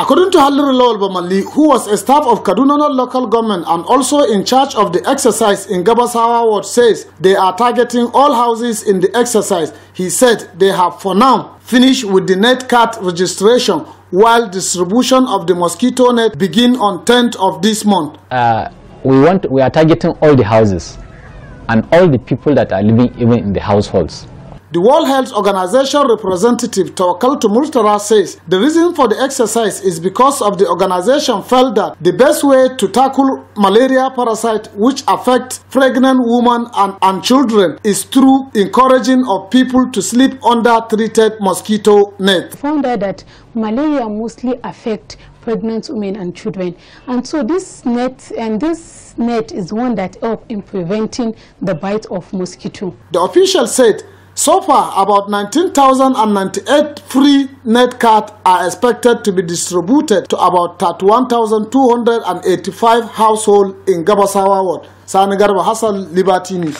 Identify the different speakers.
Speaker 1: According to Halilullah Olbamali, who was a staff of Kaduna local government and also in charge of the exercise in Gabasawa Ward, says they are targeting all houses in the exercise. He said they have for now finished with the net cat registration while distribution of the mosquito net begin on 10th of this month.
Speaker 2: Uh, we, want, we are targeting all the houses and all the people that are living even in the households.
Speaker 1: The World Health Organization representative Tawakal Murtara says the reason for the exercise is because of the organization felt that the best way to tackle malaria parasite which affects pregnant women and, and children is through encouraging of people to sleep under treated mosquito net.
Speaker 3: Found out that malaria mostly affect pregnant women and children. And so this net and this net is one that help in preventing the bite of mosquito.
Speaker 1: The official said So far, about 19,098 free net cards are expected to be distributed to about 31,285 households in Gabasawa Ward. Sani Garba Hassan, Liberty